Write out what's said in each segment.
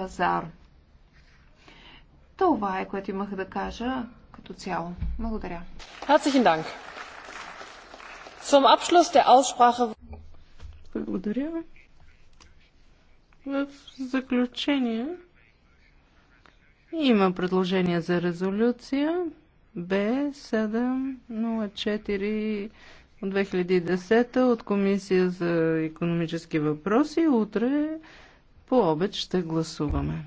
пазар. Това е, което имах да кажа като цяло. Благодаря. Благодаря. В заключение има предложение за резолюция Б704 от 2010 от Комисия за економически въпроси. Утре по обед ще гласуваме.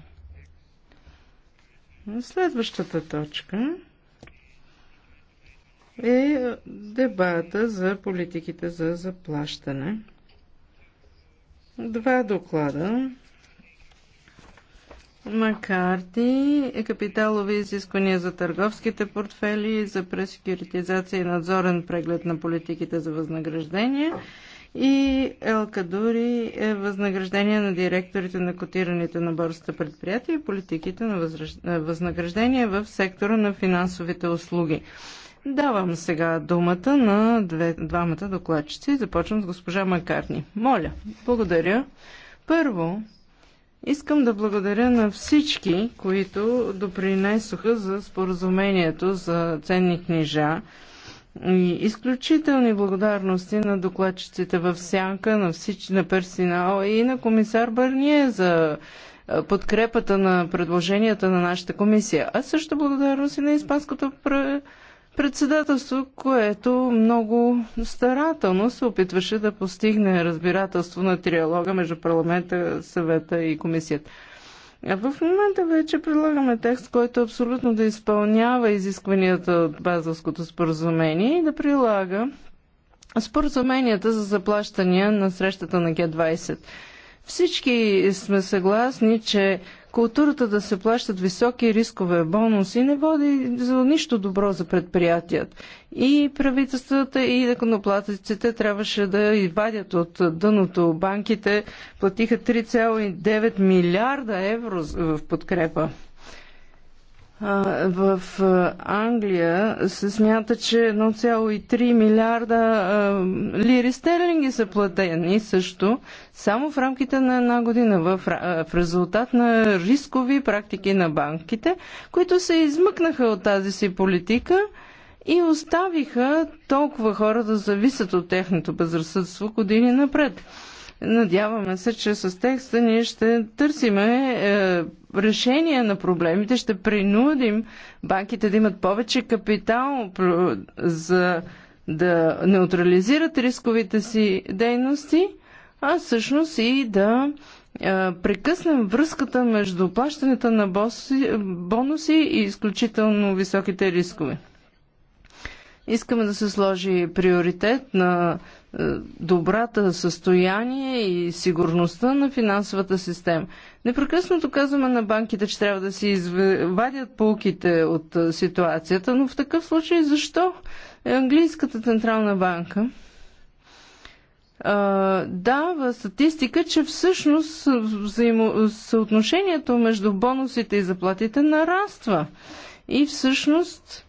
Следващата точка е дебата за политиките за заплащане. Два доклада. Макарти, капиталови изисквания за търговските портфели, за пресекюритизация и надзорен преглед на политиките за възнаграждения и Елкадури е възнаграждение на директорите на котираните на борсата предприятия и политиките на е, възнаграждение в сектора на финансовите услуги. Давам сега думата на две, двамата докладчици. Започвам с госпожа Макарни. Моля, благодаря. Първо, искам да благодаря на всички, които допринесоха за споразумението за ценни книжа и изключителни благодарности на докладчиците в Сянка, на всички, на персонала и на комисар Бърние за подкрепата на предложенията на нашата комисия. А също благодарност и на Испанското председателство, което много старателно се опитваше да постигне разбирателство на триалога между парламента, съвета и комисията. В момента вече предлагаме текст, който абсолютно да изпълнява изискванията от базовското споразумение и да прилага споразуменията за заплащания на срещата на Г-20. Всички сме съгласни, че културата да се плащат високи рискове бонуси не води за нищо добро за предприятият. И правителствата, и законоплатците трябваше да извадят от дъното банките. Платиха 3,9 милиарда евро в подкрепа в Англия се смята, че 1,3 милиарда лири стерлинги са платени също само в рамките на една година в, в резултат на рискови практики на банките, които се измъкнаха от тази си политика и оставиха толкова хора да зависят от техното безразсъдство години напред. Надяваме се, че с текста ние ще търсиме е, решение на проблемите, ще принудим банките да имат повече капитал за да неутрализират рисковите си дейности, а всъщност и да е, прекъснем връзката между плащането на бонуси и изключително високите рискове. Искаме да се сложи приоритет на е, добрата състояние и сигурността на финансовата система. Непрекъснато казваме на банките, че трябва да си извадят полките от е, ситуацията, но в такъв случай защо е Английската централна банка дава статистика, че всъщност взаимо... съотношението между бонусите и заплатите нараства. И всъщност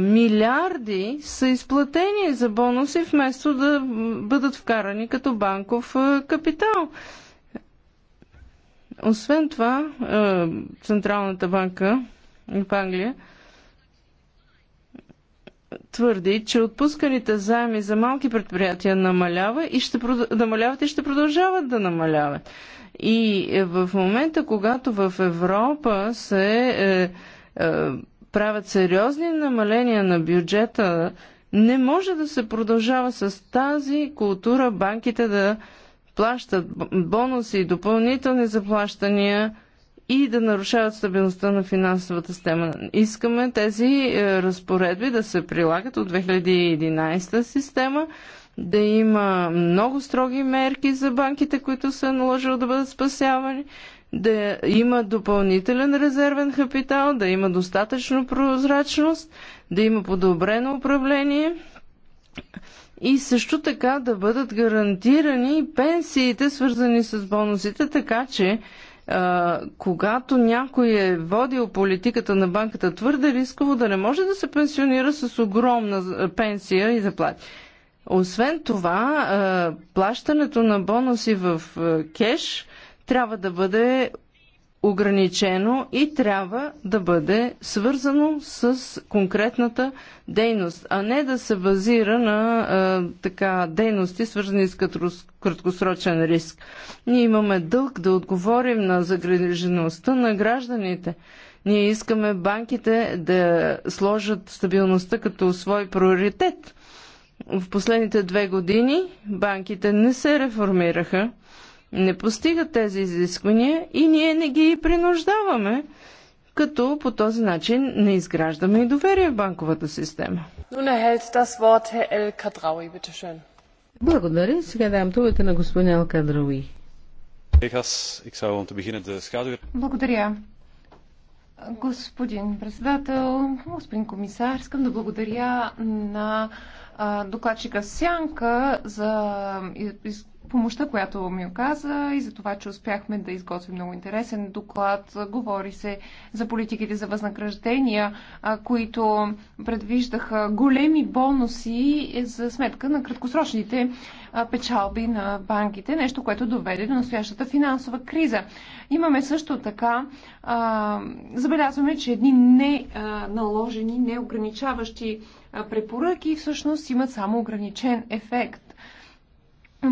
милиарди са изплатени за бонуси, вместо да бъдат вкарани като банков капитал. Освен това, Централната банка в Англия твърди, че отпусканите заеми за малки предприятия намалява и ще продъл... намаляват и ще продължават да намаляват. И е, в момента, когато в Европа се е, е, правят сериозни намаления на бюджета. Не може да се продължава с тази култура банките да плащат бонуси и допълнителни заплащания и да нарушават стабилността на финансовата система. Искаме тези е, разпоредби да се прилагат от 2011 система, да има много строги мерки за банките, които са наложили да бъдат спасявани, да има допълнителен резервен капитал, да има достатъчно прозрачност, да има подобрено управление и също така да бъдат гарантирани пенсиите, свързани с бонусите, така че а, когато някой е водил политиката на банката твърде рисково, да не може да се пенсионира с огромна пенсия и заплати. Освен това, а, плащането на бонуси в а, кеш – трябва да бъде ограничено и трябва да бъде свързано с конкретната дейност, а не да се базира на а, така, дейности, свързани с краткосрочен риск. Ние имаме дълг да отговорим на загрежеността на гражданите. Ние искаме банките да сложат стабилността като свой приоритет. В последните две години банките не се реформираха не постигат тези изисквания и ние не ги принуждаваме, като по този начин не изграждаме и доверие в банковата система. Благодаря. Сега давам думата на господин Ел Кадрауи. Благодаря. Господин председател, господин комисар, искам да благодаря на докладчика Сянка за помощта, която ми оказа и за това, че успяхме да изготвим много интересен доклад. Говори се за политиките за възнаграждения, които предвиждаха големи бонуси за сметка на краткосрочните печалби на банките, нещо, което доведе до настоящата финансова криза. Имаме също така, а, забелязваме, че едни не а, наложени, неограничаващи препоръки всъщност имат само ограничен ефект.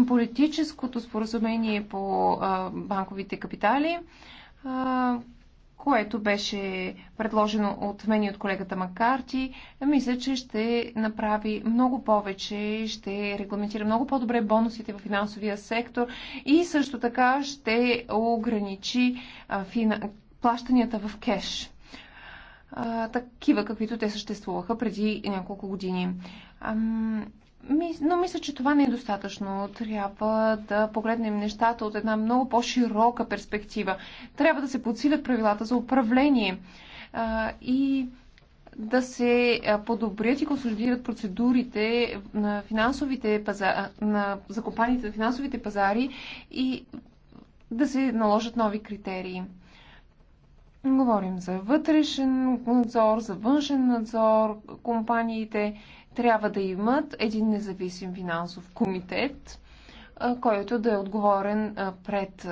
Политическото споразумение по банковите капитали, което беше предложено от мен и от колегата Маккарти, мисля, че ще направи много повече, ще регламентира много по-добре бонусите в финансовия сектор и също така ще ограничи плащанията в кеш а, такива, каквито те съществуваха преди няколко години. Ам, но мисля, че това не е достатъчно. Трябва да погледнем нещата от една много по-широка перспектива. Трябва да се подсилят правилата за управление а, и да се подобрят и консолидират процедурите на финансовите пазари, на, за компаниите на финансовите пазари и да се наложат нови критерии. Говорим за вътрешен надзор, за външен надзор. Компаниите трябва да имат един независим финансов комитет, който да е отговорен пред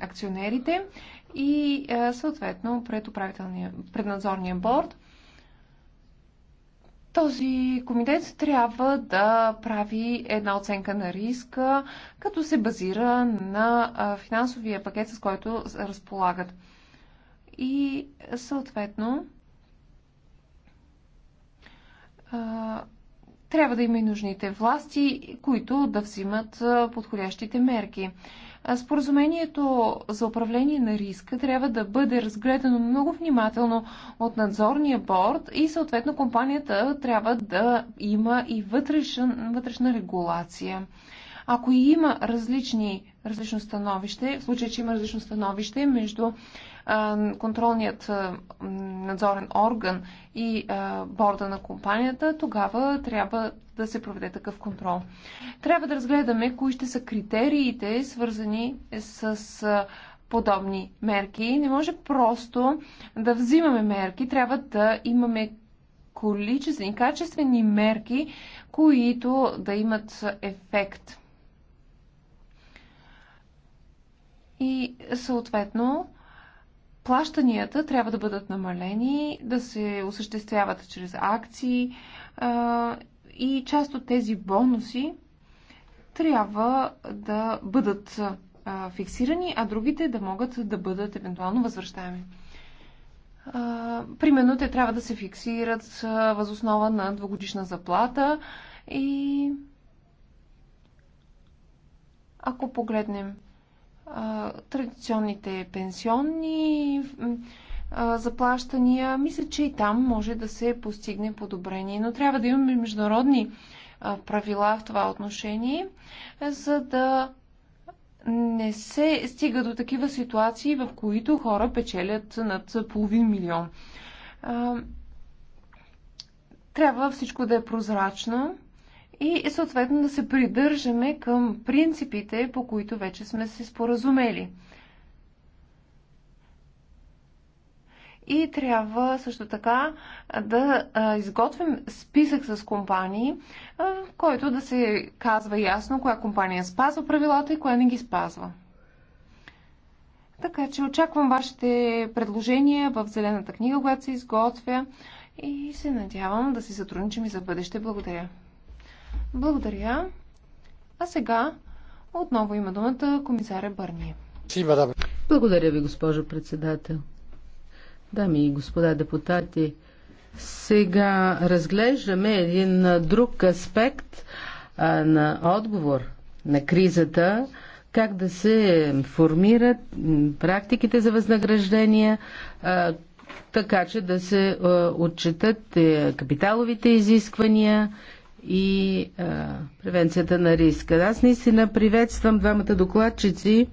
акционерите и съответно пред, пред надзорния борд. Този комитет трябва да прави една оценка на риска, като се базира на финансовия пакет, с който разполагат и съответно трябва да има и нужните власти, които да взимат подходящите мерки. Споразумението за управление на риска трябва да бъде разгледано много внимателно от надзорния борт, и съответно компанията трябва да има и вътрешен, вътрешна регулация. Ако има различни, различно становище, в случай, че има различно становище между контролният надзорен орган и борда на компанията, тогава трябва да се проведе такъв контрол. Трябва да разгледаме кои ще са критериите, свързани с подобни мерки. Не може просто да взимаме мерки, трябва да имаме количествени, качествени мерки, които да имат ефект. И съответно плащанията трябва да бъдат намалени, да се осъществяват чрез акции а, и част от тези бонуси трябва да бъдат а, фиксирани, а другите да могат да бъдат евентуално възвръщаеми. примерно те трябва да се фиксират възоснова на двогодишна заплата и ако погледнем а, традиционните пенсионни а, заплащания. Мисля, че и там може да се постигне подобрение, но трябва да имаме международни а, правила в това отношение, за да не се стига до такива ситуации, в които хора печелят над половин милион. Трябва всичко да е прозрачно и съответно да се придържаме към принципите, по които вече сме се споразумели. И трябва също така да изготвим списък с компании, който да се казва ясно коя компания спазва правилата и коя не ги спазва. Така че очаквам вашите предложения в Зелената книга, която се изготвя и се надявам да си сътрудничим и за бъдеще. Благодаря. Благодаря. А сега отново има думата комисаря Бърни. Благодаря ви, госпожо председател. Дами и господа депутати, сега разглеждаме един друг аспект а, на отговор на кризата, как да се формират практиките за възнаграждения, а, така че да се а, отчитат е, капиталовите изисквания и а, превенцията на риска. Аз наистина приветствам двамата докладчици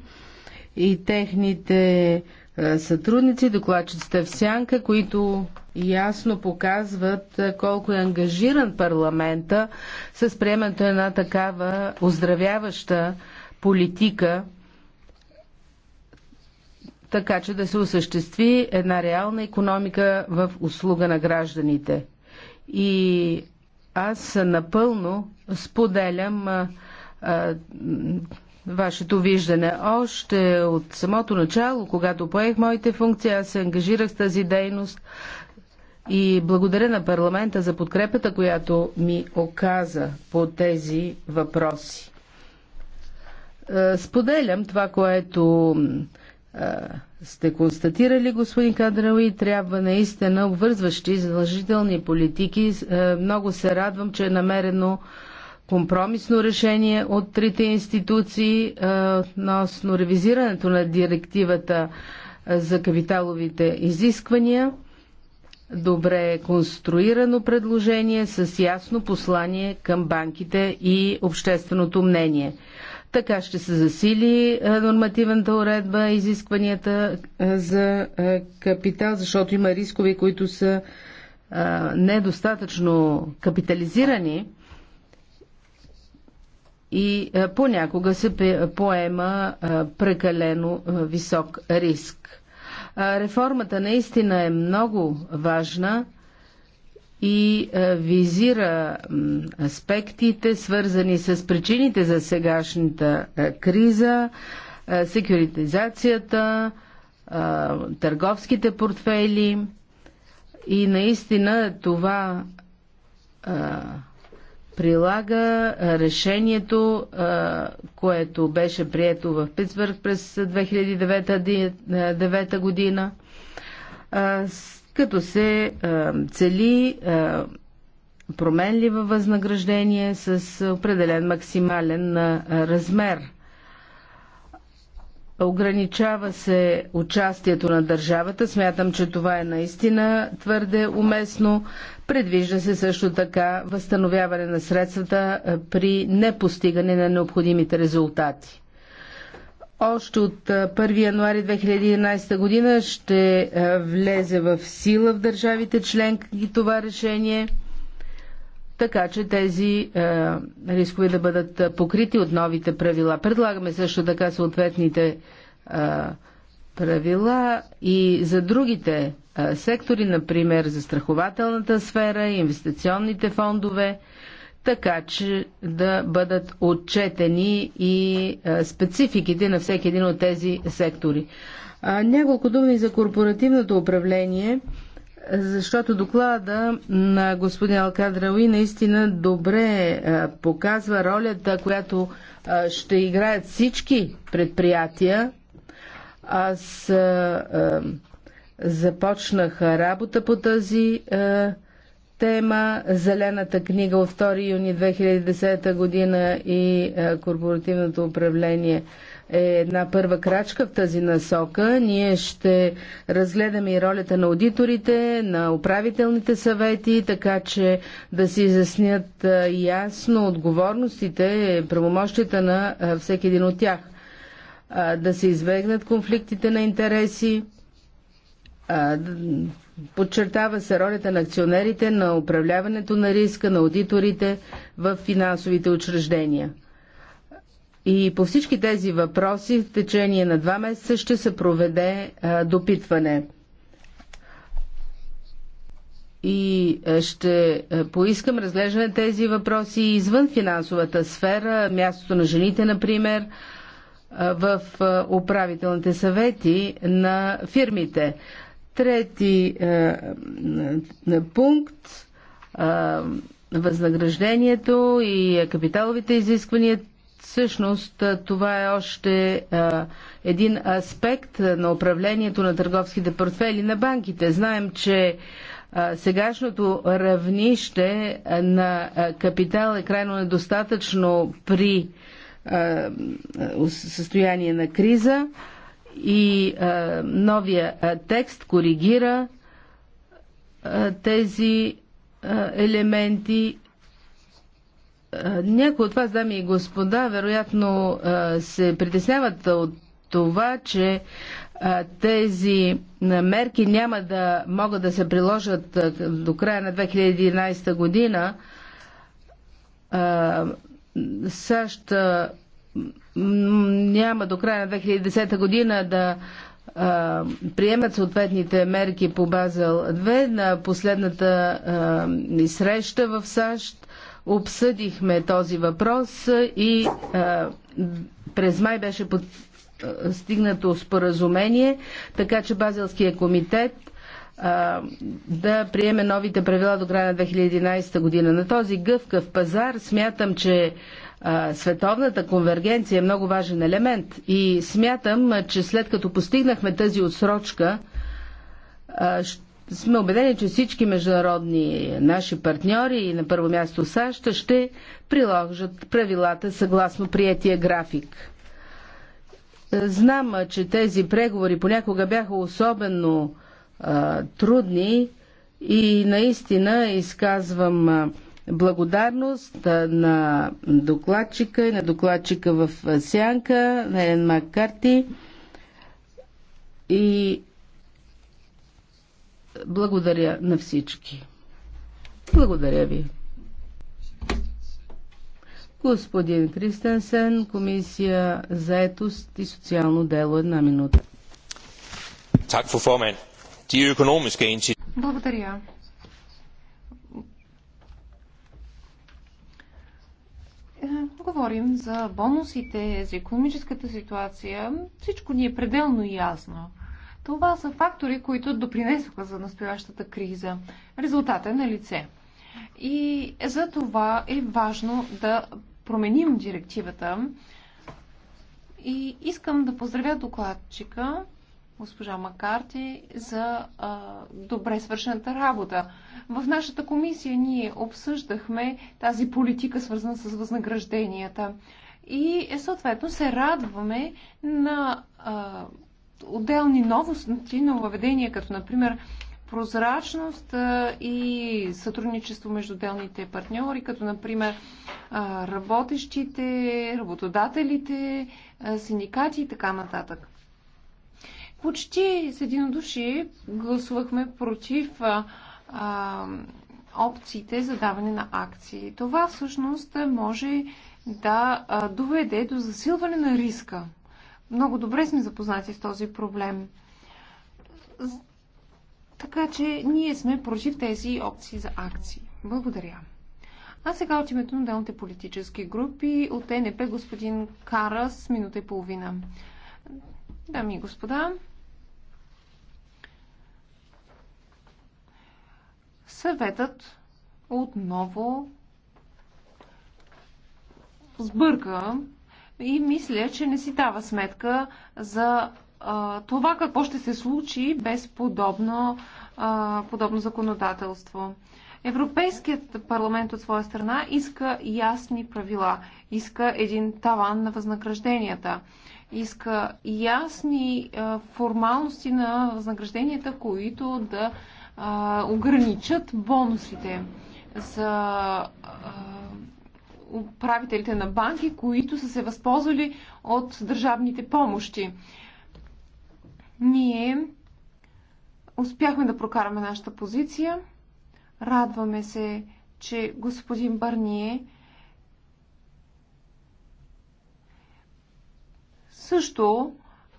и техните а, сътрудници, докладчиците в Сянка, които ясно показват колко е ангажиран парламента с приемането една такава оздравяваща политика, така че да се осъществи една реална економика в услуга на гражданите. И аз напълно споделям а, а, вашето виждане. Още от самото начало, когато поех моите функции, аз се ангажирах с тази дейност и благодаря на парламента за подкрепата, която ми оказа по тези въпроси. Е, споделям това, което сте констатирали, господин и трябва наистина обвързващи задължителни политики. Много се радвам, че е намерено компромисно решение от трите институции относно ревизирането на директивата за капиталовите изисквания. Добре е конструирано предложение с ясно послание към банките и общественото мнение. Така ще се засили нормативната уредба, изискванията за капитал, защото има рискови, които са недостатъчно капитализирани и понякога се поема прекалено висок риск. Реформата наистина е много важна и е, визира аспектите, свързани с причините за сегашната е, криза, е, секюритизацията, търговските портфели и наистина това прилага решението, което беше прието в Питсбърг през 2009 година като се цели променлива възнаграждение с определен максимален размер. Ограничава се участието на държавата. Смятам, че това е наистина твърде уместно. Предвижда се също така възстановяване на средствата при непостигане на необходимите резултати. Още от 1 януари 2011 година ще влезе в сила в държавите членки това решение, така че тези рискове да бъдат покрити от новите правила. Предлагаме също така съответните правила и за другите сектори, например застрахователната сфера, инвестиционните фондове – така че да бъдат отчетени и е, спецификите на всеки един от тези сектори. Няколко думи за корпоративното управление, защото доклада на господин Алкадрауи наистина добре е, показва ролята, която е, ще играят всички предприятия. Аз започнах работа по тази тема Зелената книга от 2 юни 2010 година и е, корпоративното управление е една първа крачка в тази насока. Ние ще разгледаме и ролята на аудиторите, на управителните съвети, така че да се изяснят е, ясно отговорностите, правомощите на е, всеки един от тях. Да се избегнат конфликтите на интереси, Подчертава се ролята на акционерите, на управляването на риска, на аудиторите в финансовите учреждения. И по всички тези въпроси в течение на два месеца ще се проведе а, допитване. И ще поискам разглеждане тези въпроси извън финансовата сфера, мястото на жените, например, в управителните съвети на фирмите. Трети е, е, пункт е, възнаграждението и капиталовите изисквания. Всъщност е, това е още е, един аспект на управлението на търговските портфели на банките. Знаем, че е, сегашното равнище на капитал е крайно недостатъчно при състояние на криза и новия текст коригира тези елементи. Някои от вас, дами и господа, вероятно се притесняват от това, че тези мерки няма да могат да се приложат до края на 2011 година. САЩ няма до края на 2010 година да а, приемат съответните мерки по Базел 2. На последната а, ни среща в САЩ обсъдихме този въпрос и а, през май беше под, стигнато споразумение, така че Базелския комитет а, да приеме новите правила до края на 2011 година. На този гъвкав пазар смятам, че световната конвергенция е много важен елемент и смятам, че след като постигнахме тази отсрочка, сме убедени, че всички международни наши партньори и на първо място САЩ ще приложат правилата съгласно приятия график. Знам, че тези преговори понякога бяха особено а, трудни и наистина изказвам а, благодарност на докладчика и на докладчика в Сянка, на Ен Маккарти и благодаря на всички. Благодаря ви. Господин Кристенсен, Комисия за етост и социално дело една минута. Е благодаря. Говорим за бонусите, за економическата ситуация. Всичко ни е пределно ясно. Това са фактори, които допринесоха за настоящата криза. Резултатът е на лице. И за това е важно да променим директивата. И искам да поздравя докладчика госпожа Макарти за а, добре свършената работа. В нашата комисия ние обсъждахме тази политика, свързана с възнагражденията. И е, съответно се радваме на а, отделни новости, нововведения, като например прозрачност а, и сътрудничество между отделните партньори, като например а, работещите, работодателите, а, синдикати и така нататък. Почти с единодушие гласувахме против а, а, опциите за даване на акции. Това всъщност може да доведе до засилване на риска. Много добре сме запознати с този проблем. Така че ние сме против тези опции за акции. Благодаря. А сега от името на делните политически групи от ЕНП господин Карас, минута и половина. Дами и господа, Съветът отново сбърка и мисля, че не си дава сметка за а, това какво ще се случи без подобно, а, подобно законодателство. Европейският парламент от своя страна иска ясни правила, иска един таван на възнагражденията, иска ясни а, формалности на възнагражденията, които да а, ограничат бонусите за а, управителите на банки, които са се възползвали от държавните помощи. Ние успяхме да прокараме нашата позиция. Радваме се, че господин Барние също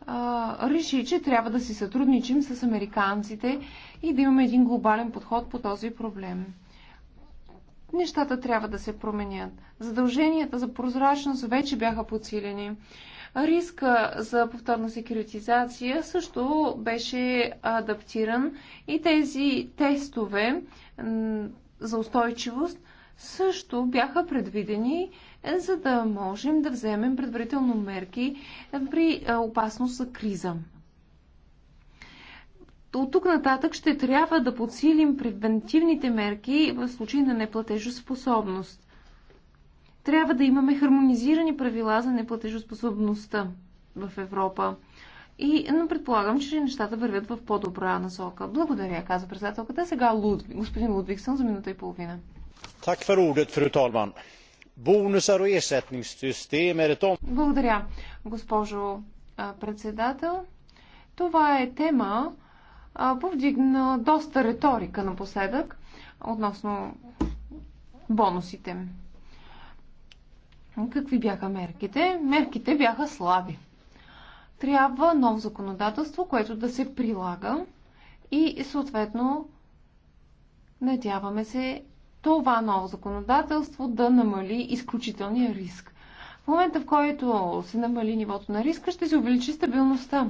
а, реши, че трябва да си сътрудничим с американците и да имаме един глобален подход по този проблем. Нещата трябва да се променят. Задълженията за прозрачност вече бяха подсилени. Риска за повторна секретизация също беше адаптиран и тези тестове за устойчивост също бяха предвидени за да можем да вземем предварително мерки при опасност за криза. От тук нататък ще трябва да подсилим превентивните мерки в случай на неплатежоспособност. Трябва да имаме хармонизирани правила за неплатежоспособността в Европа. И, но предполагам, че нещата вървят в по-добра насока. Благодаря, каза председателката. Сега Лудвиг, господин Лудвигсън за минута и половина. Так for ordet, fru talman. Бонусар и систем е ретон. Благодаря, госпожо председател. Това е тема, повдигна доста риторика напоследък относно бонусите. Какви бяха мерките? Мерките бяха слаби. Трябва ново законодателство, което да се прилага и съответно надяваме се това ново законодателство да намали изключителния риск. В момента, в който се намали нивото на риска, ще се увеличи стабилността.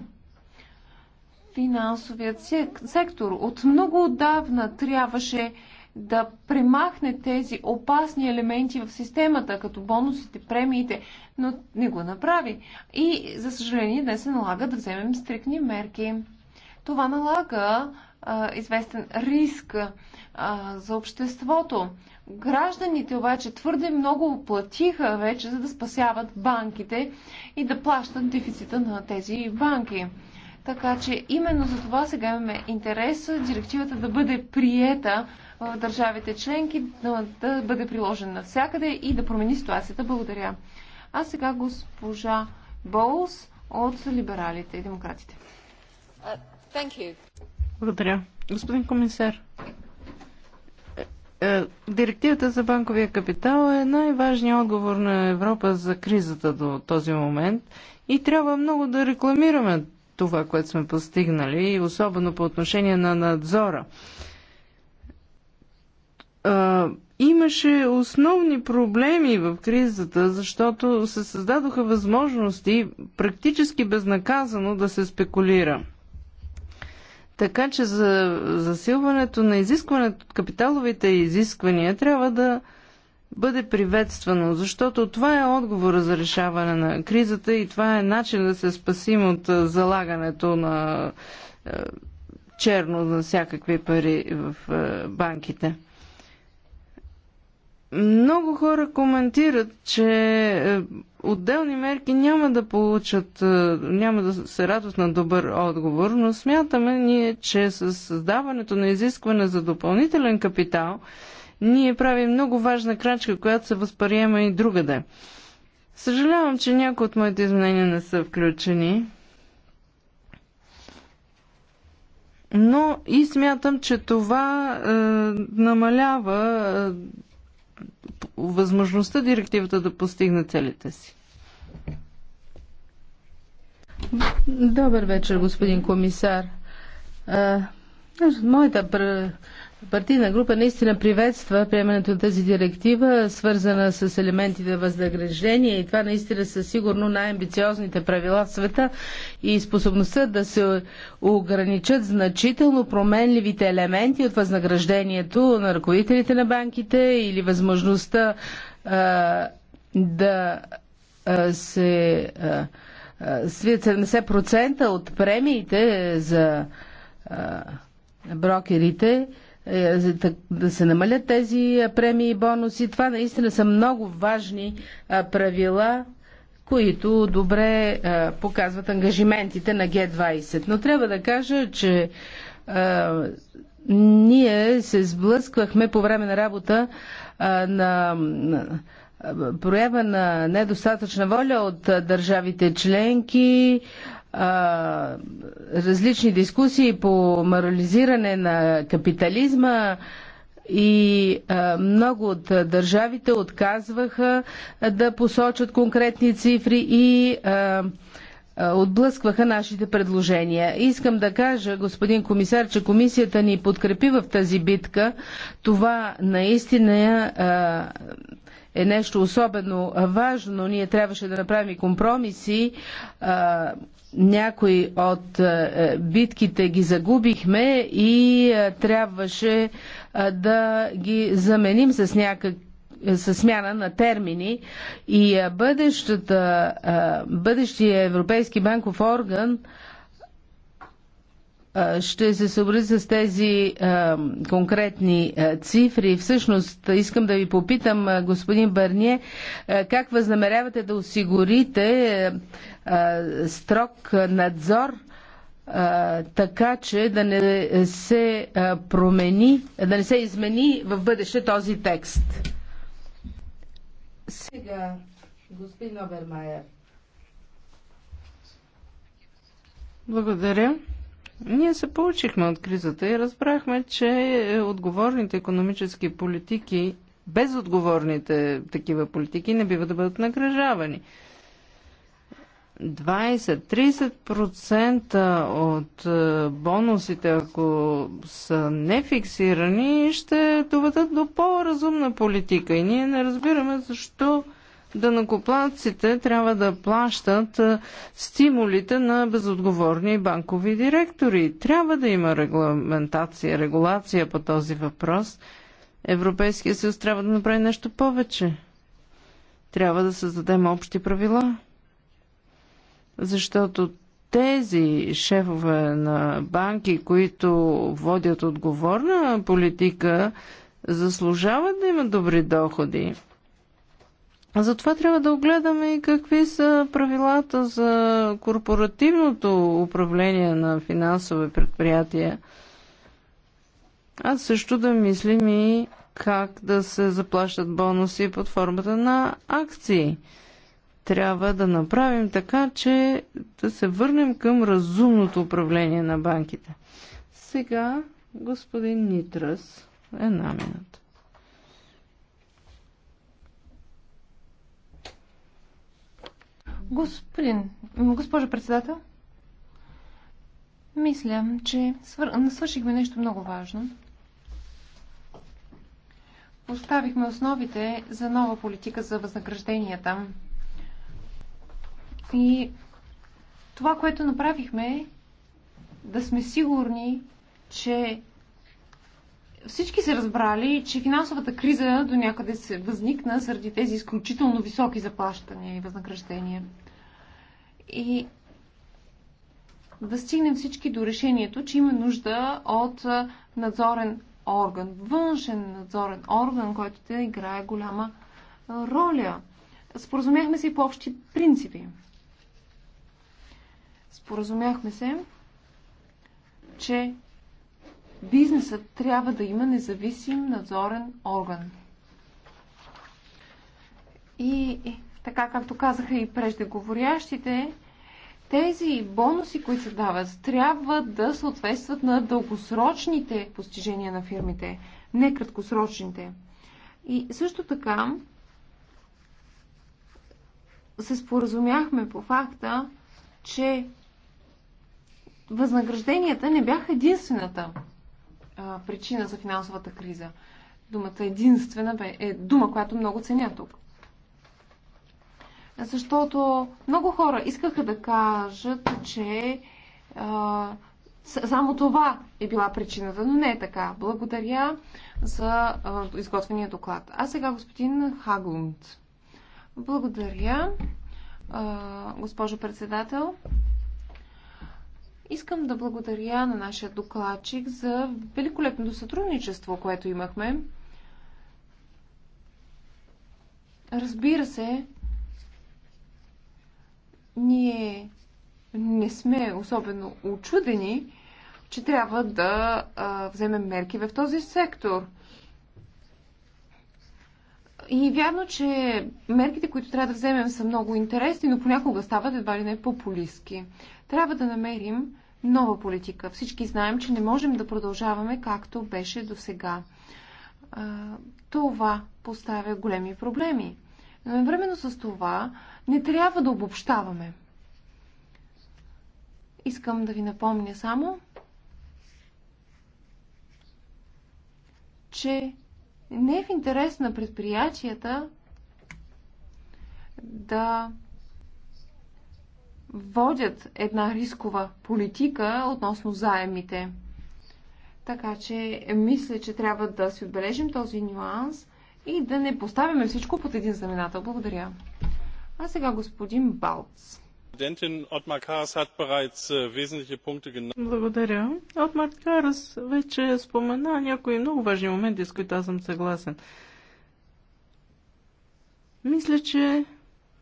Финансовият сектор от много отдавна трябваше да премахне тези опасни елементи в системата, като бонусите, премиите, но не го направи. И, за съжаление, днес се налага да вземем стрикни мерки. Това налага а, известен риск а, за обществото. Гражданите обаче твърде много платиха вече, за да спасяват банките и да плащат дефицита на тези банки. Така че именно за това сега имаме интерес директивата да бъде приета в държавите членки, да, бъде приложена навсякъде и да промени ситуацията. Благодаря. А сега госпожа Боулс от Либералите и Демократите. Благодаря. Господин комисар, е, е, Директивата за банковия капитал е най-важният отговор на Европа за кризата до този момент и трябва много да рекламираме това, което сме постигнали, особено по отношение на надзора. Е, имаше основни проблеми в кризата, защото се създадоха възможности практически безнаказано да се спекулира – така че за засилването на изискването, капиталовите изисквания трябва да бъде приветствано, защото това е отговора за решаване на кризата и това е начин да се спасим от залагането на черно на всякакви пари в банките. Много хора коментират, че е, отделни мерки няма да получат, е, няма да се радват на добър отговор, но смятаме ние, че с създаването на изискване за допълнителен капитал, ние правим много важна крачка, която се възприема и другаде. Съжалявам, че някои от моите изменения не са включени. Но и смятам, че това е, намалява е, възможността директивата да постигне целите си. Добър вечер, господин комисар. Моята партийна група наистина приветства приемането на тази директива, свързана с елементите на възнаграждение и това наистина са сигурно най-амбициозните правила в света и способността да се ограничат значително променливите елементи от възнаграждението на ръководителите на банките или възможността а, да а, се свият 70% от премиите за а, брокерите. Е, да се намалят тези премии и бонуси. Това наистина са много важни правила, които добре показват ангажиментите на Г-20. Но трябва да кажа, че ние се сблъсквахме по време на работа на проява на недостатъчна воля от държавите членки, а, различни дискусии по морализиране на капитализма и а, много от държавите отказваха да посочат конкретни цифри и а, отблъскваха нашите предложения. Искам да кажа, господин комисар, че комисията ни подкрепи в тази битка. Това наистина е нещо особено важно. Ние трябваше да направим компромиси някои от е, е, битките ги загубихме и е, трябваше да ги заменим с някак със смяна на термини и бъдещата, бъдещия Европейски банков орган ще се съобрази с тези конкретни цифри. Всъщност, искам да ви попитам, господин Бърние, как възнамерявате да осигурите строг надзор, така че да не се промени, да не се измени в бъдеще този текст. Сега, господин Обермайер. Благодаря. Ние се получихме от кризата и разбрахме, че отговорните економически политики, безотговорните такива политики не бива да бъдат награждавани. 20-30% от е, бонусите, ако са нефиксирани, ще доведат до по-разумна политика. И ние не разбираме защо данакоплатците трябва да плащат е, стимулите на безотговорни банкови директори. Трябва да има регламентация, регулация по този въпрос. Европейския съюз трябва да направи нещо повече. Трябва да създадем общи правила. Защото тези шефове на банки, които водят отговорна политика, заслужават да имат добри доходи. Затова трябва да огледаме и какви са правилата за корпоративното управление на финансови предприятия. А също да мислим и как да се заплащат бонуси под формата на акции – трябва да направим така, че да се върнем към разумното управление на банките. Сега господин Нитрас, една минута. Господин, госпожо председател, мисля, че свър... свършихме нещо много важно. Поставихме основите за нова политика за възнагражденията. И това, което направихме, да сме сигурни, че всички са разбрали, че финансовата криза до някъде се възникна заради тези изключително високи заплащания и възнаграждения. И да стигнем всички до решението, че има нужда от надзорен орган, външен надзорен орган, който да играе голяма роля. Споразумяхме се и по общи принципи. Споразумяхме се, че бизнесът трябва да има независим надзорен орган. И така, както казаха и преждеговорящите, тези бонуси, които се дават, трябва да съответстват на дългосрочните постижения на фирмите, не краткосрочните. И също така се споразумяхме по факта, че възнагражденията не бяха единствената а, причина за финансовата криза. Думата единствена бе, е дума, която много ценя тук. Защото много хора искаха да кажат, че а, само това е била причината, но не е така. Благодаря за а, изготвения доклад. А сега господин Хаглунд. Благодаря, а, госпожо председател. Искам да благодаря на нашия докладчик за великолепното сътрудничество, което имахме. Разбира се, ние не сме особено очудени, че трябва да а, вземем мерки в този сектор – и вярно, че мерките, които трябва да вземем, са много интересни, но понякога стават едва ли не популистски. Трябва да намерим нова политика. Всички знаем, че не можем да продължаваме както беше до сега. Това поставя големи проблеми. Но времено с това не трябва да обобщаваме. Искам да ви напомня само, че не е в интерес на предприятията да водят една рискова политика относно заемите. Така че мисля, че трябва да си отбележим този нюанс и да не поставяме всичко под един знаменател. Благодаря. А сега господин Балц. Äh, Благодаря. Отмар Карас вече спомена някои много важни моменти, с които аз съм съгласен. Мисля, че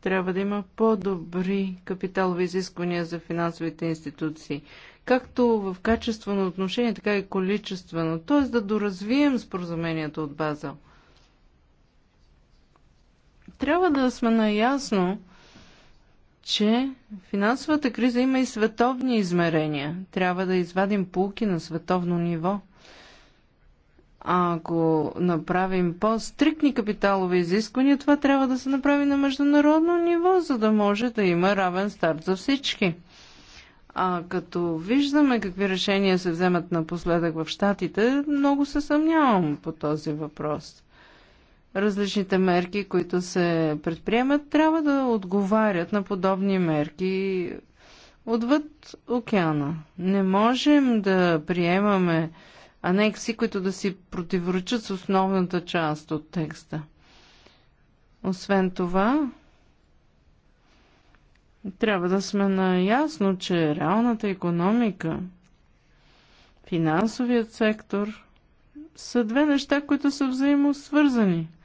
трябва да има по-добри капиталови изисквания за финансовите институции, както в качествено отношение, така и количествено, т.е. да доразвием споразумението от Базел. Трябва да сме наясно, че финансовата криза има и световни измерения. Трябва да извадим полки на световно ниво. А ако направим по-стрикни капиталови изисквания, това трябва да се направи на международно ниво, за да може да има равен старт за всички. А като виждаме какви решения се вземат напоследък в Штатите, много се съмнявам по този въпрос различните мерки, които се предприемат, трябва да отговарят на подобни мерки отвъд океана. Не можем да приемаме анекси, които да си противоречат с основната част от текста. Освен това, трябва да сме наясно, че реалната економика, финансовият сектор са две неща, които са взаимосвързани –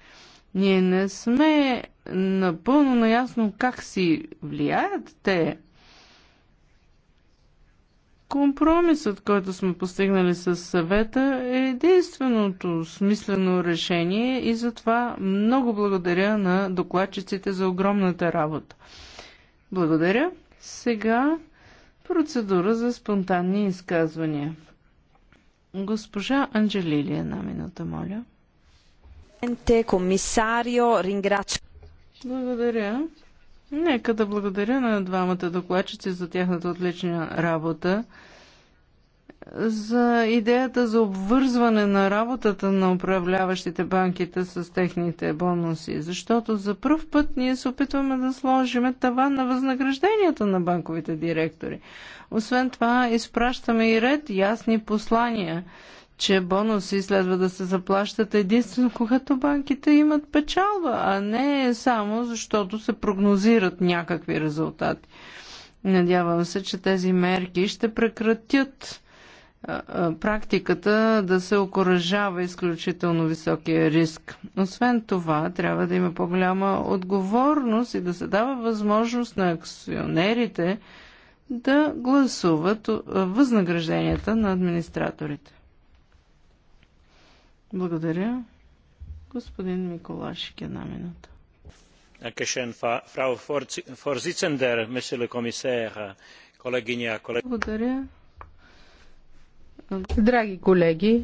ние не сме напълно наясно как си влияят те. Компромисът, който сме постигнали с съвета, е единственото смислено решение и затова много благодаря на докладчиците за огромната работа. Благодаря. Сега процедура за спонтанни изказвания. Госпожа Анджелилия, една минута, моля. Благодаря. Нека да благодаря на двамата докладчици за тяхната отлична работа за идеята за обвързване на работата на управляващите банките с техните бонуси, защото за първ път ние се опитваме да сложиме таван на възнагражденията на банковите директори. Освен това, изпращаме и ред ясни послания – че бонуси следва да се заплащат единствено когато банките имат печалба, а не само защото се прогнозират някакви резултати. Надявам се, че тези мерки ще прекратят практиката да се окоръжава изключително високия риск. Освен това, трябва да има по-голяма отговорност и да се дава възможност на акционерите да гласуват възнагражденията на администраторите. Благодаря. Господин Миколашик, една минута. Благодаря. Драги колеги,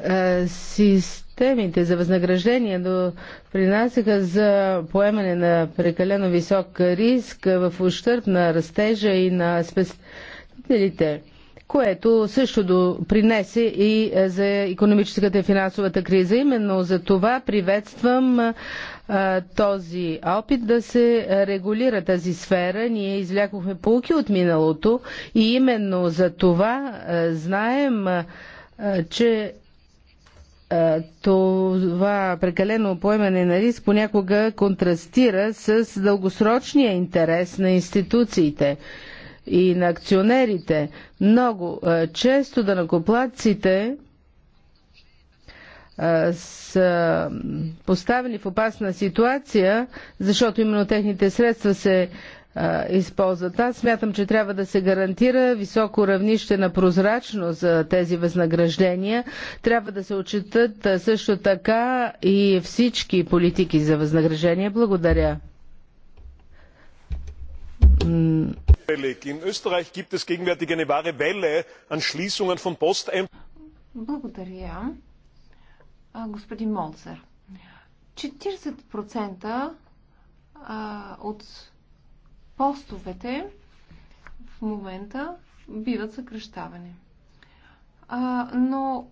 е, системите за възнаграждение до принасяха за поемане на прекалено висок риск в ущърп на растежа и на спестителите което също допринесе и е, за економическата и финансовата криза. Именно за това приветствам е, този опит да се регулира тази сфера. Ние излякохме полки от миналото и именно за това е, знаем, че това прекалено поемане на риск понякога контрастира с дългосрочния интерес на институциите и на акционерите. Много често накоплаците са поставени в опасна ситуация, защото именно техните средства се използват. Аз смятам, че трябва да се гарантира високо равнище на прозрачност за тези възнаграждения. Трябва да се отчитат също така и всички политики за възнаграждения. Благодаря. Благодаря. Господин Молцер, 40% от постовете в момента биват съкръщавани. Но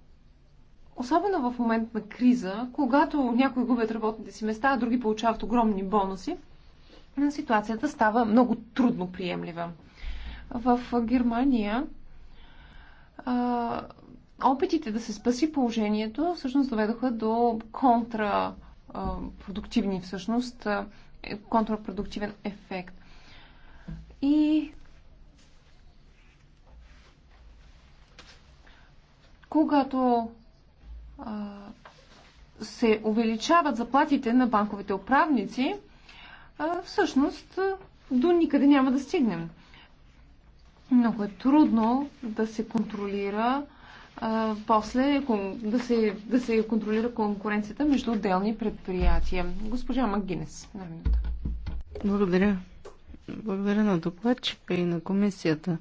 особено в момент на криза, когато някои губят работните си места, а други получават огромни бонуси, ситуацията става много трудно приемлива. В Германия а, опитите да се спаси положението всъщност доведоха до контрапродуктивни всъщност, контрапродуктивен ефект. И когато а, се увеличават заплатите на банковите управници, всъщност до никъде няма да стигнем. Много е трудно да се контролира а, после да се, да се контролира конкуренцията между отделни предприятия. Госпожа Магинес, на минута. Благодаря. Благодаря на докладчика и на комисията.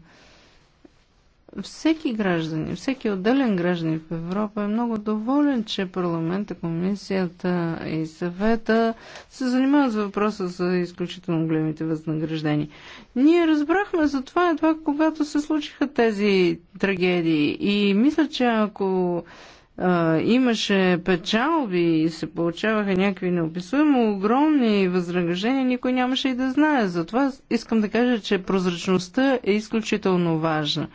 Всеки гражданин, всеки отделен гражданин в Европа е много доволен, че парламента, комисията и съвета се занимават с въпроса за изключително големите възнаграждения. Ние разбрахме за това едва когато се случиха тези трагедии и мисля, че ако а, имаше печалби и се получаваха някакви неописуемо огромни възнаграждения, никой нямаше и да знае. Затова искам да кажа, че прозрачността е изключително важна.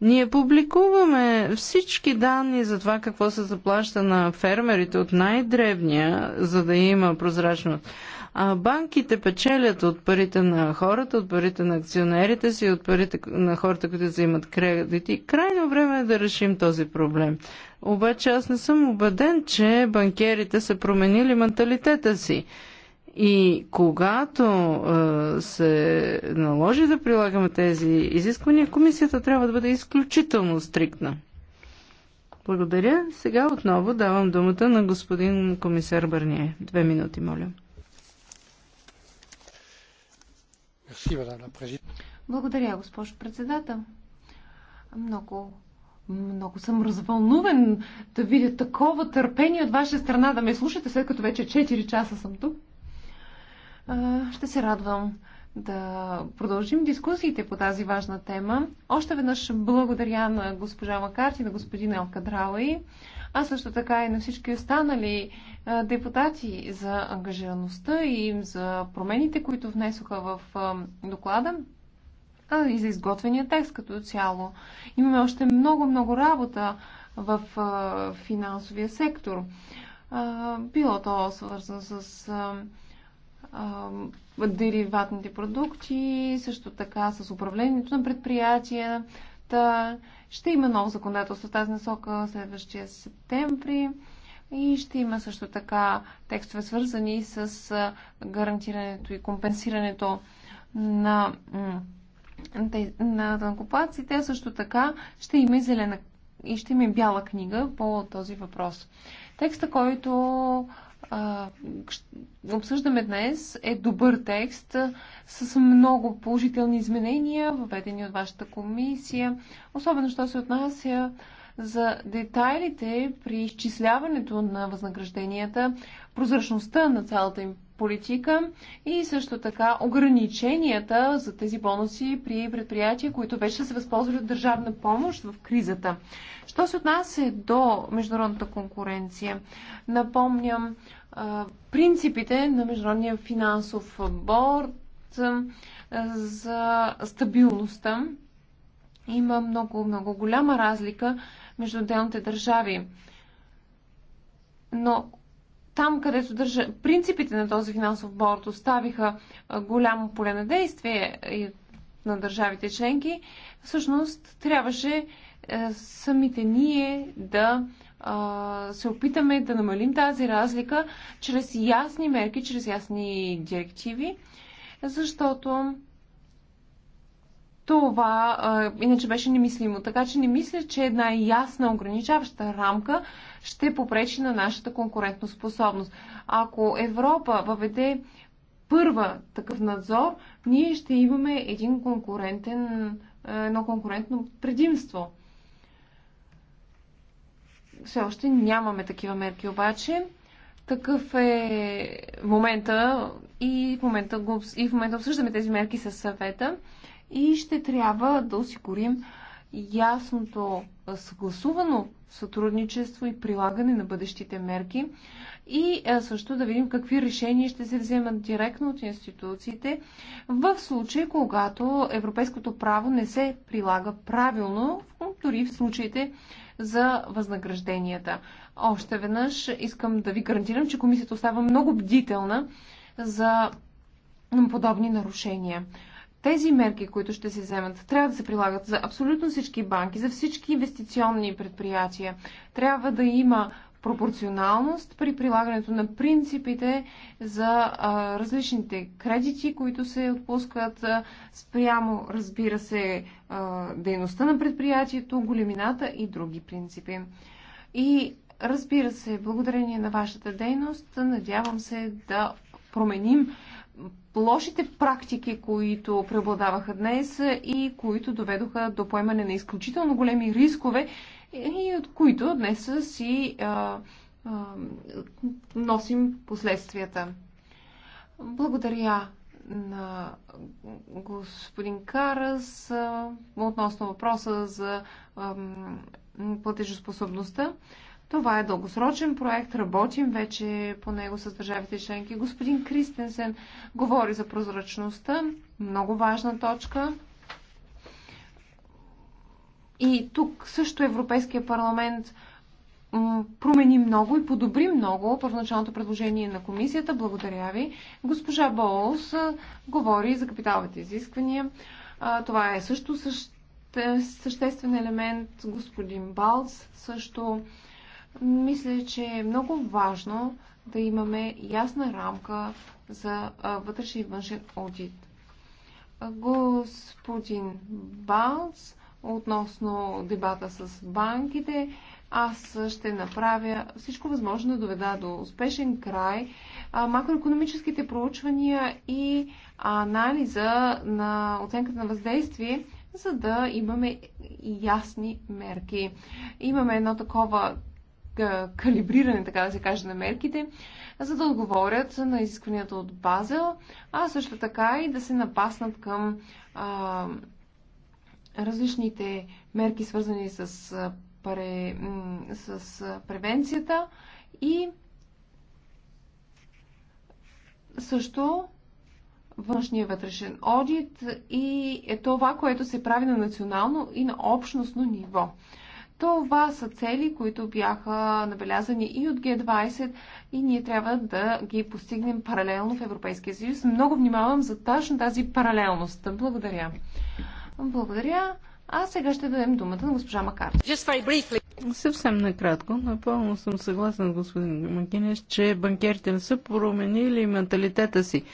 Ние публикуваме всички данни за това какво се заплаща на фермерите от най-древния, за да има прозрачност. А банките печелят от парите на хората, от парите на акционерите си, от парите на хората, които взимат кредити. Крайно време е да решим този проблем. Обаче аз не съм убеден, че банкерите са променили менталитета си. И когато а, се наложи да прилагаме тези изисквания, комисията трябва да бъде изключително стриктна. Благодаря. Сега отново давам думата на господин комисар Бърние. Две минути, моля. Благодаря, госпожо председател. Много, много съм развълнуван да видя такова търпение от ваша страна да ме слушате, след като вече 4 часа съм тук. Ще се радвам да продължим дискусиите по тази важна тема. Още веднъж благодаря на госпожа Макарти, на господин Алкадрауи, а също така и на всички останали депутати за ангажираността и за промените, които внесоха в доклада и за изготвения текст като цяло. Имаме още много-много работа в финансовия сектор. Било то свързано с дериватните продукти, също така с управлението на предприятията. Ще има ново законодателство в тази насока следващия септември и ще има също така текстове свързани с гарантирането и компенсирането на на тънкопаците, също така ще има и зелена и ще има бяла книга по този въпрос. Текста, който обсъждаме днес е добър текст с много положителни изменения, въведени от вашата комисия, особено що се отнася за детайлите при изчисляването на възнагражденията, прозрачността на цялата им политика и също така ограниченията за тези бонуси при предприятия, които вече се възползвали от държавна помощ в кризата. Що се отнася до международната конкуренция? Напомням принципите на Международния финансов борт за стабилността. Има много, много голяма разлика между отделните държави. Но там, където държа... принципите на този финансов борт оставиха голямо поле на действие на държавите членки, всъщност трябваше самите ние да се опитаме да намалим тази разлика чрез ясни мерки, чрез ясни директиви, защото това а, иначе беше немислимо. Така че не мисля, че една ясна ограничаваща рамка ще попречи на нашата конкурентоспособност. Ако Европа въведе първа такъв надзор, ние ще имаме един конкурентен, едно конкурентно предимство. Все още нямаме такива мерки обаче. Такъв е момента и в момента, го, и в момента обсъждаме тези мерки с съвета и ще трябва да осигурим ясното съгласувано сътрудничество и прилагане на бъдещите мерки и също да видим какви решения ще се вземат директно от институциите в случай, когато европейското право не се прилага правилно, дори в случаите за възнагражденията. Още веднъж искам да ви гарантирам, че комисията остава много бдителна за подобни нарушения. Тези мерки, които ще се вземат, трябва да се прилагат за абсолютно всички банки, за всички инвестиционни предприятия. Трябва да има пропорционалност при прилагането на принципите за а, различните кредити, които се отпускат а, спрямо, разбира се, а, дейността на предприятието, големината и други принципи. И разбира се, благодарение на вашата дейност, надявам се да променим лошите практики, които преобладаваха днес и които доведоха до поемане на изключително големи рискове и от които днес си а, а, носим последствията. Благодаря на господин Карас относно въпроса за платежоспособността. Това е дългосрочен проект, работим вече по него с държавите членки. Господин Кристенсен говори за прозрачността, много важна точка. И тук също Европейския парламент промени много и подобри много първоначалното предложение на комисията. Благодаря ви. Госпожа Боус говори за капиталните изисквания. Това е също съществен елемент. Господин Балц също мисля, че е много важно да имаме ясна рамка за вътрешен и външен одит. Господин Банц, относно дебата с банките, аз ще направя всичко възможно да доведа до успешен край макроекономическите проучвания и анализа на оценката на въздействие, за да имаме ясни мерки. Имаме едно такова калибриране, така да се каже, на мерките, за да отговорят на изискванията от Базел, а също така и да се напаснат към а, различните мерки, свързани с, пре, с превенцията и също външния вътрешен одит и е това, което се прави на национално и на общностно ниво. Това са цели, които бяха набелязани и от Г20 и ние трябва да ги постигнем паралелно в Европейския съюз. Много внимавам за точно тази паралелност. Благодаря. Благодаря. А сега ще дадем думата на госпожа Макарт. Съвсем накратко, напълно съм съгласен с господин Макинеш, че банкерите не са променили менталитета си.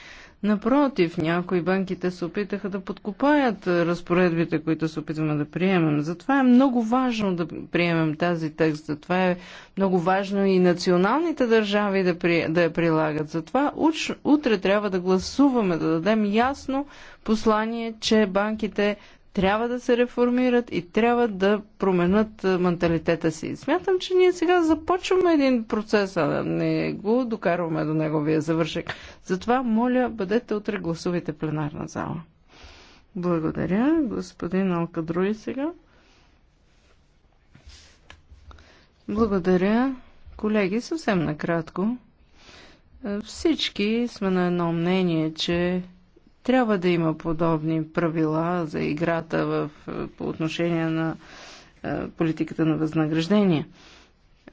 Напротив, някои банките се опитаха да подкопаят разпоредбите, които се опитваме да приемем. Затова е много важно да приемем тази текст. Затова е много важно и националните държави да, при, да я прилагат. Затова уч, утре трябва да гласуваме, да дадем ясно послание, че банките трябва да се реформират и трябва да променят менталитета си. Смятам, че ние сега започваме един процес, а не го докарваме до неговия завършек. Затова, моля, бъдете утре гласувайте пленарна зала. Благодаря, господин Алкадруи сега. Благодаря, колеги, съвсем накратко. Всички сме на едно мнение, че трябва да има подобни правила за играта в, по отношение на е, политиката на възнаграждение.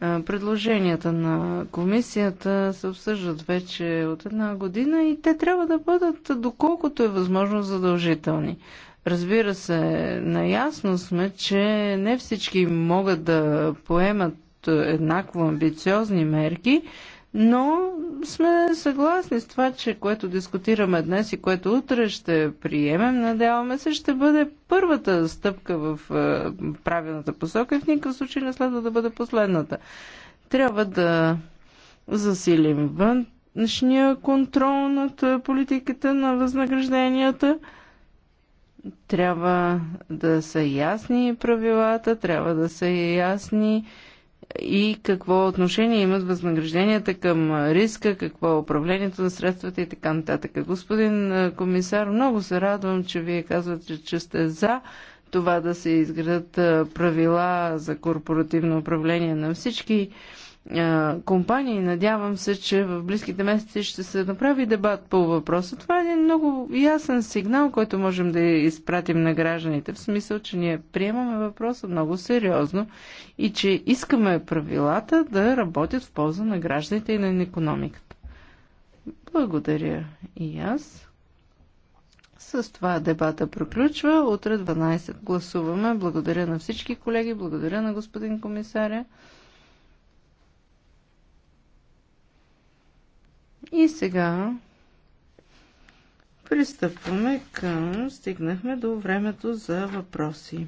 Е, предложенията на комисията се обсъждат вече от една година и те трябва да бъдат доколкото е възможно задължителни. Разбира се, наясно сме, че не всички могат да поемат е, еднакво амбициозни мерки, но сме съгласни с това, че което дискутираме днес и което утре ще приемем, надяваме се, ще бъде първата стъпка в е, правилната посока и в никакъв случай не следва да бъде последната. Трябва да засилим външния контрол над е, политиката на възнагражденията. Трябва да са ясни правилата, трябва да са ясни и какво отношение имат възнагражденията към риска, какво е управлението на средствата и така нататък. Господин е, комисар, много се радвам, че вие казвате, че сте за това да се изградат е, правила за корпоративно управление на всички компании. Надявам се, че в близките месеци ще се направи дебат по въпроса. Това е един много ясен сигнал, който можем да изпратим на гражданите. В смисъл, че ние приемаме въпроса много сериозно и че искаме правилата да работят в полза на гражданите и на економиката. Благодаря и аз. С това дебата приключва. Утре 12 гласуваме. Благодаря на всички колеги, благодаря на господин комисаря. И сега пристъпваме към, стигнахме до времето за въпроси.